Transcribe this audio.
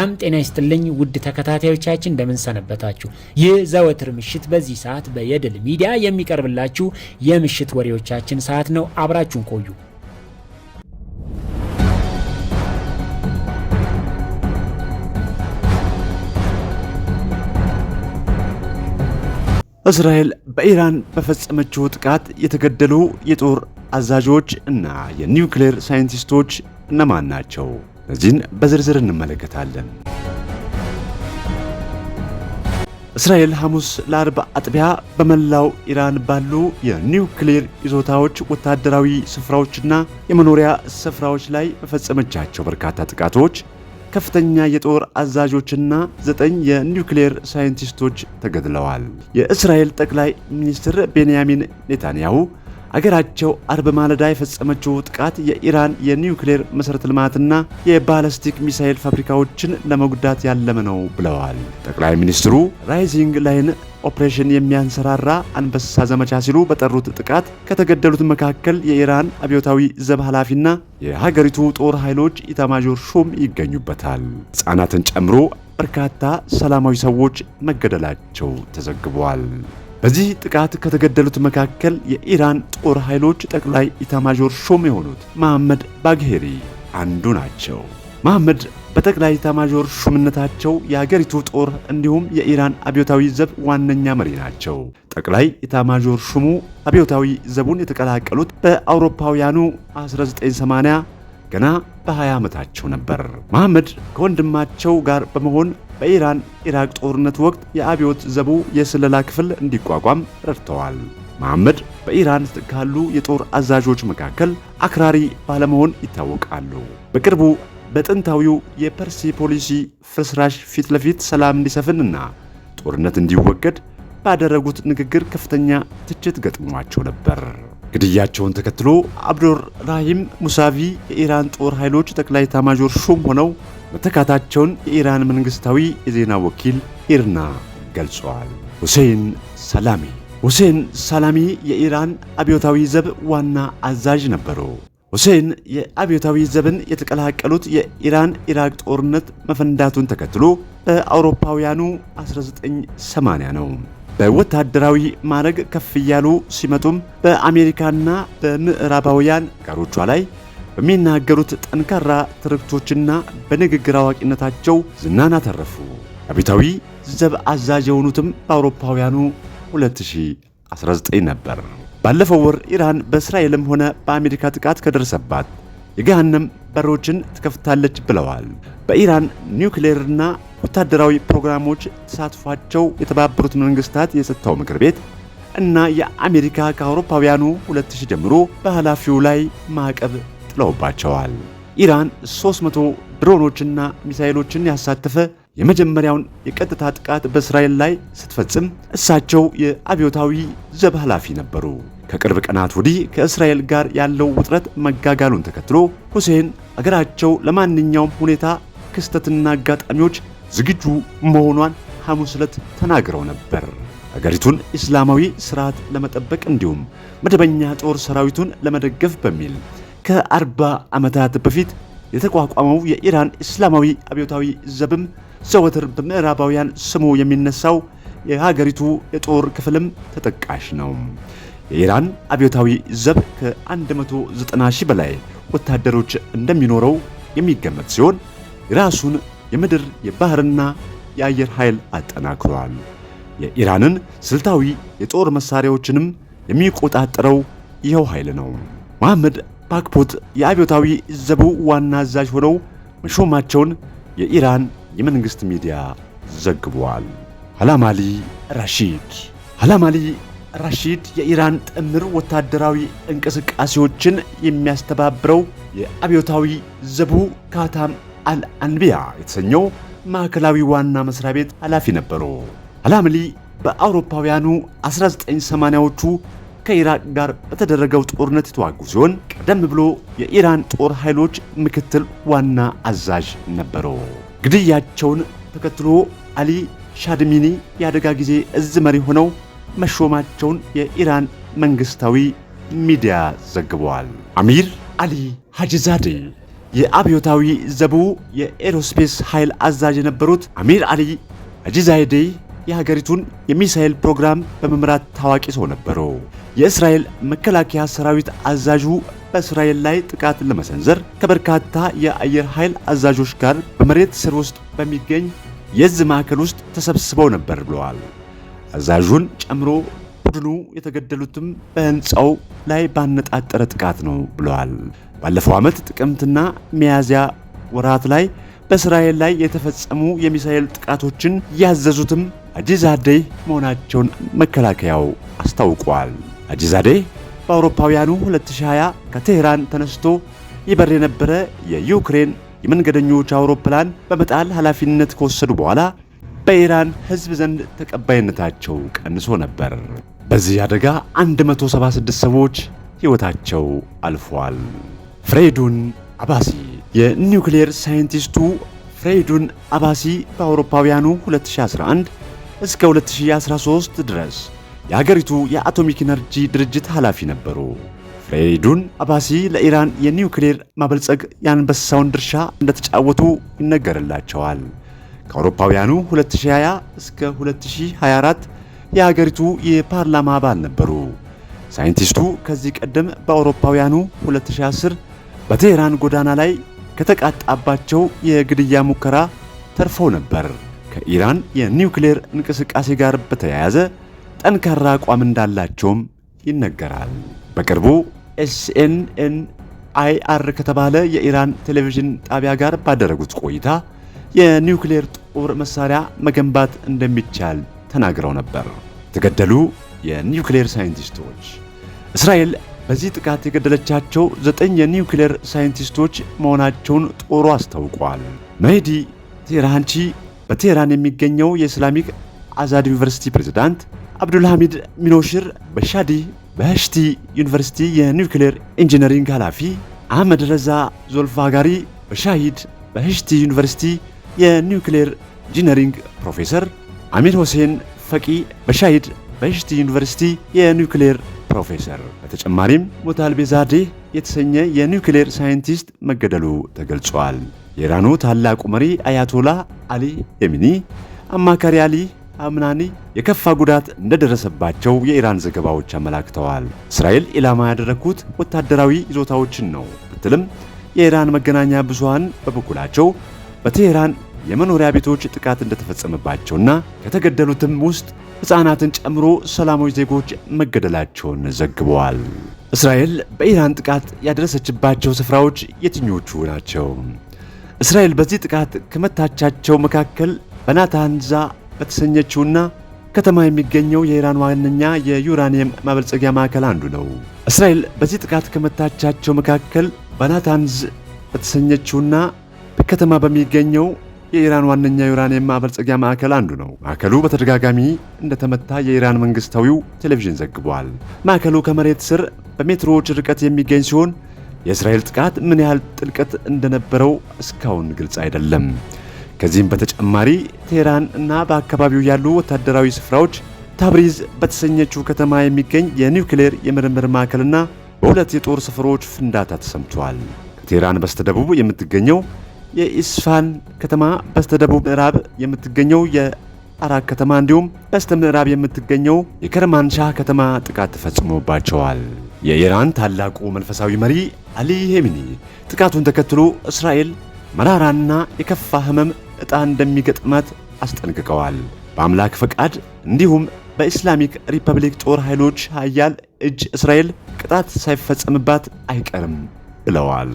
ሰላም ጤና ይስጥልኝ ውድ ተከታታዮቻችን እንደምንሰነበታችሁ። ይህ ዘወትር ምሽት በዚህ ሰዓት በየድል ሚዲያ የሚቀርብላችሁ የምሽት ወሬዎቻችን ሰዓት ነው። አብራችሁን ቆዩ። እስራኤል በኢራን በፈጸመችው ጥቃት የተገደሉ የጦር አዛዦች እና የኒውክሌር ሳይንቲስቶች እነማን ናቸው? እነዚህን በዝርዝር እንመለከታለን። እስራኤል ሐሙስ ለአርብ አጥቢያ በመላው ኢራን ባሉ የኒውክሌር ይዞታዎች ወታደራዊ ስፍራዎችና የመኖሪያ ስፍራዎች ላይ በፈጸመቻቸው በርካታ ጥቃቶች ከፍተኛ የጦር አዛዦችና ዘጠኝ የኒውክሌር ሳይንቲስቶች ተገድለዋል። የእስራኤል ጠቅላይ ሚኒስትር ቤንያሚን ኔታንያሁ አገራቸው አርብ ማለዳ የፈጸመችው ጥቃት የኢራን የኒውክሌር መሠረተ ልማትና የባለስቲክ ሚሳኤል ፋብሪካዎችን ለመጉዳት ያለመ ነው ብለዋል ጠቅላይ ሚኒስትሩ። ራይዚንግ ላይን ኦፕሬሽን የሚያንሰራራ አንበሳ ዘመቻ ሲሉ በጠሩት ጥቃት ከተገደሉት መካከል የኢራን አብዮታዊ ዘብ ኃላፊና የሀገሪቱ ጦር ኃይሎች ኢታማዦር ሹም ይገኙበታል። ሕፃናትን ጨምሮ በርካታ ሰላማዊ ሰዎች መገደላቸው ተዘግቧል። በዚህ ጥቃት ከተገደሉት መካከል የኢራን ጦር ኃይሎች ጠቅላይ ኢታማዦር ሹም የሆኑት መሐመድ ባግሄሪ አንዱ ናቸው። መሐመድ በጠቅላይ ኢታማዦር ሹምነታቸው የአገሪቱ ጦር እንዲሁም የኢራን አብዮታዊ ዘብ ዋነኛ መሪ ናቸው። ጠቅላይ ኢታማዦር ሹሙ አብዮታዊ ዘቡን የተቀላቀሉት በአውሮፓውያኑ 1980 ገና በ20 ዓመታቸው ነበር። መሐመድ ከወንድማቸው ጋር በመሆን በኢራን ኢራቅ ጦርነት ወቅት የአብዮት ዘቡ የስለላ ክፍል እንዲቋቋም ረድተዋል። መሐመድ በኢራን ካሉ የጦር አዛዦች መካከል አክራሪ ባለመሆን ይታወቃሉ። በቅርቡ በጥንታዊው ፖሊሲ ፍርስራሽ ፊት ለፊት ሰላም እንዲሰፍንና ጦርነት እንዲወገድ ባደረጉት ንግግር ከፍተኛ ትችት ገጥሟቸው ነበር። ግድያቸውን ተከትሎ አብዶር ራሂም ሙሳቪ የኢራን ጦር ኃይሎች ጠቅላይ ኤታማዦር ሹም ሆነው መተካታቸውን የኢራን መንግስታዊ የዜና ወኪል ኢርና ገልጸዋል። ሁሴን ሰላሚ ሁሴን ሰላሚ የኢራን አብዮታዊ ዘብ ዋና አዛዥ ነበሩ። ሁሴን የአብዮታዊ ዘብን የተቀላቀሉት የኢራን ኢራቅ ጦርነት መፈንዳቱን ተከትሎ በአውሮፓውያኑ 1980 ነው። በወታደራዊ ማዕረግ ከፍ እያሉ ሲመጡም በአሜሪካና በምዕራባውያን ጋሮቿ ላይ በሚናገሩት ጠንካራ ትርክቶችና በንግግር አዋቂነታቸው ዝናን አተረፉ። አብዮታዊ ዘብ አዛዥ የሆኑትም በአውሮፓውያኑ 2019 ነበር። ባለፈው ወር ኢራን በእስራኤልም ሆነ በአሜሪካ ጥቃት ከደረሰባት የገሃነም በሮችን ትከፍታለች ብለዋል። በኢራን ኒውክሌርና ወታደራዊ ፕሮግራሞች ተሳትፏቸው የተባበሩት መንግስታት የጸጥታው ምክር ቤት እና የአሜሪካ ከአውሮፓውያኑ 2000 ጀምሮ በኃላፊው ላይ ማዕቀብ ጥለውባቸዋል። ኢራን 300 ድሮኖችና ሚሳይሎችን ያሳተፈ የመጀመሪያውን የቀጥታ ጥቃት በእስራኤል ላይ ስትፈጽም እሳቸው የአብዮታዊ ዘብ ኃላፊ ነበሩ። ከቅርብ ቀናት ወዲህ ከእስራኤል ጋር ያለው ውጥረት መጋጋሉን ተከትሎ ሁሴን አገራቸው ለማንኛውም ሁኔታ ክስተትና አጋጣሚዎች ዝግጁ መሆኗን ሐሙስ ዕለት ተናግረው ነበር። አገሪቱን ኢስላማዊ ስርዓት ለመጠበቅ እንዲሁም መደበኛ ጦር ሰራዊቱን ለመደገፍ በሚል ከ40 ዓመታት በፊት የተቋቋመው የኢራን እስላማዊ አብዮታዊ ዘብም ዘወትር በምዕራባውያን ስሙ የሚነሳው የሀገሪቱ የጦር ክፍልም ተጠቃሽ ነው። የኢራን አብዮታዊ ዘብ ከ190 ሺህ በላይ ወታደሮች እንደሚኖረው የሚገመት ሲሆን የራሱን የምድር የባህርና የአየር ኃይል አጠናክሯል። የኢራንን ስልታዊ የጦር መሳሪያዎችንም የሚቆጣጠረው ይኸው ኃይል ነው። መሐመድ ፓክፖት የአብዮታዊ ዘቡ ዋና አዛዥ ሆነው መሾማቸውን የኢራን የመንግሥት ሚዲያ ዘግቧል። አላማሊ ራሺድ አላማሊ ራሺድ የኢራን ጥምር ወታደራዊ እንቅስቃሴዎችን የሚያስተባብረው የአብዮታዊ ዘቡ ካታም አልአንቢያ የተሰኘው ማዕከላዊ ዋና መስሪያ ቤት ኃላፊ ነበሩ። አላምሊ በአውሮፓውያኑ 1980ዎቹ ከኢራቅ ጋር በተደረገው ጦርነት የተዋጉ ሲሆን ቀደም ብሎ የኢራን ጦር ኃይሎች ምክትል ዋና አዛዥ ነበሩ። ግድያቸውን ተከትሎ አሊ ሻድሚኒ የአደጋ ጊዜ እዝ መሪ ሆነው መሾማቸውን የኢራን መንግስታዊ ሚዲያ ዘግቧል። አሚር አሊ ሀጂዛዴ የአብዮታዊ ዘቡ የኤሮስፔስ ኃይል አዛዥ የነበሩት አሚር አሊ አጂዛይዴ የሀገሪቱን የሚሳኤል ፕሮግራም በመምራት ታዋቂ ሰው ነበሩ። የእስራኤል መከላከያ ሰራዊት አዛዡ በእስራኤል ላይ ጥቃት ለመሰንዘር ከበርካታ የአየር ኃይል አዛዦች ጋር በመሬት ስር ውስጥ በሚገኝ የዝ ማዕከል ውስጥ ተሰብስበው ነበር ብለዋል። አዛዡን ጨምሮ ቡድኑ የተገደሉትም በህንፃው ላይ ባነጣጠረ ጥቃት ነው ብለዋል። ባለፈው ዓመት ጥቅምትና ሚያዝያ ወራት ላይ በእስራኤል ላይ የተፈጸሙ የሚሳኤል ጥቃቶችን ያዘዙትም አጂዛዴ መሆናቸውን መከላከያው አስታውቋል። አጂዛዴ በአውሮፓውያኑ 2020 ከቴህራን ተነስቶ ይበር የነበረ የዩክሬን የመንገደኞች አውሮፕላን በመጣል ኃላፊነት ከወሰዱ በኋላ በኢራን ሕዝብ ዘንድ ተቀባይነታቸው ቀንሶ ነበር። በዚህ አደጋ 176 ሰዎች ሕይወታቸው አልፏል። ፍሬዱን አባሲ የኒውክሌር ሳይንቲስቱ ፍሬዱን አባሲ በአውሮፓውያኑ 2011 እስከ 2013 ድረስ የሀገሪቱ የአቶሚክ ኢነርጂ ድርጅት ኃላፊ ነበሩ። ፍሬዱን አባሲ ለኢራን የኒውክሌር ማበልጸግ የአንበሳውን ድርሻ እንደተጫወቱ ይነገርላቸዋል። ከአውሮፓውያኑ 2020 እስከ 2024 የሀገሪቱ የፓርላማ አባል ነበሩ። ሳይንቲስቱ ከዚህ ቀደም በአውሮፓውያኑ 2010 በቴህራን ጎዳና ላይ ከተቃጣባቸው የግድያ ሙከራ ተርፈው ነበር። ከኢራን የኒውክሌር እንቅስቃሴ ጋር በተያያዘ ጠንካራ አቋም እንዳላቸውም ይነገራል። በቅርቡ ኤስኤንኤን አይአር ከተባለ የኢራን ቴሌቪዥን ጣቢያ ጋር ባደረጉት ቆይታ የኒውክሌር ጦር መሳሪያ መገንባት እንደሚቻል ተናግረው ነበር። የተገደሉ የኒውክሌር ሳይንቲስቶች እስራኤል በዚህ ጥቃት የገደለቻቸው ዘጠኝ የኒውክሌር ሳይንቲስቶች መሆናቸውን ጦሩ አስታውቋል። መሄዲ ቴራንቺ በቴህራን የሚገኘው የእስላሚክ አዛድ ዩኒቨርሲቲ ፕሬዝዳንት አብዱልሐሚድ ሚኖሽር በሻዲ በህሽቲ ዩኒቨርሲቲ የኒውክሌር ኢንጂነሪንግ ኃላፊ አህመድ ረዛ ዞልፋጋሪ በሻሂድ በህሽቲ ዩኒቨርሲቲ የኒውክሌር ኢንጂነሪንግ ፕሮፌሰር አሚር ሁሴን ፈቂ በሻሂድ በህሽቲ ዩኒቨርሲቲ የኒውክሌር ፕሮፌሰር። በተጨማሪም ሞታልቤዛዴ የተሰኘ የኒውክሌር ሳይንቲስት መገደሉ ተገልጿል። የኢራኑ ታላቁ መሪ አያቶላ አሊ ኤሚኒ አማካሪ አሊ አምናኒ የከፋ ጉዳት እንደደረሰባቸው የኢራን ዘገባዎች አመላክተዋል። እስራኤል ኢላማ ያደረግኩት ወታደራዊ ይዞታዎችን ነው ብትልም የኢራን መገናኛ ብዙሃን በበኩላቸው በቴሄራን የመኖሪያ ቤቶች ጥቃት እንደተፈጸመባቸውና ከተገደሉትም ውስጥ ሕፃናትን ጨምሮ ሰላማዊ ዜጎች መገደላቸውን ዘግበዋል። እስራኤል በኢራን ጥቃት ያደረሰችባቸው ስፍራዎች የትኞቹ ናቸው? እስራኤል በዚህ ጥቃት ከመታቻቸው መካከል በናታንዛ በተሰኘችውና ከተማ የሚገኘው የኢራን ዋነኛ የዩራኒየም ማበልጸጊያ ማዕከል አንዱ ነው። እስራኤል በዚህ ጥቃት ከመታቻቸው መካከል በናታንዝ በተሰኘችውና በከተማ በሚገኘው የኢራን ዋነኛ የዩራኒየም ማበልጸጊያ ማዕከል አንዱ ነው። ማዕከሉ በተደጋጋሚ እንደተመታ የኢራን መንግስታዊው ቴሌቪዥን ዘግቧል። ማዕከሉ ከመሬት ስር በሜትሮዎች ርቀት የሚገኝ ሲሆን የእስራኤል ጥቃት ምን ያህል ጥልቀት እንደነበረው እስካሁን ግልጽ አይደለም። ከዚህም በተጨማሪ ቴህራን እና በአካባቢው ያሉ ወታደራዊ ስፍራዎች ታብሪዝ በተሰኘችው ከተማ የሚገኝ የኒውክሌር የምርምር ማዕከልና በሁለት የጦር ሰፈሮች ፍንዳታ ተሰምቷል። ከቴህራን በስተደቡብ የምትገኘው የኢስፋን ከተማ በስተደቡብ ምዕራብ የምትገኘው የአራክ ከተማ እንዲሁም በስተ ምዕራብ የምትገኘው የከርማንሻ ከተማ ጥቃት ተፈጽሞባቸዋል። የኢራን ታላቁ መንፈሳዊ መሪ አሊ ሄሚኒ ጥቃቱን ተከትሎ እስራኤል መራራና የከፋ ህመም ዕጣ እንደሚገጥማት አስጠንቅቀዋል። በአምላክ ፈቃድ እንዲሁም በኢስላሚክ ሪፐብሊክ ጦር ኃይሎች ኃያል እጅ እስራኤል ቅጣት ሳይፈጸምባት አይቀርም ብለዋል።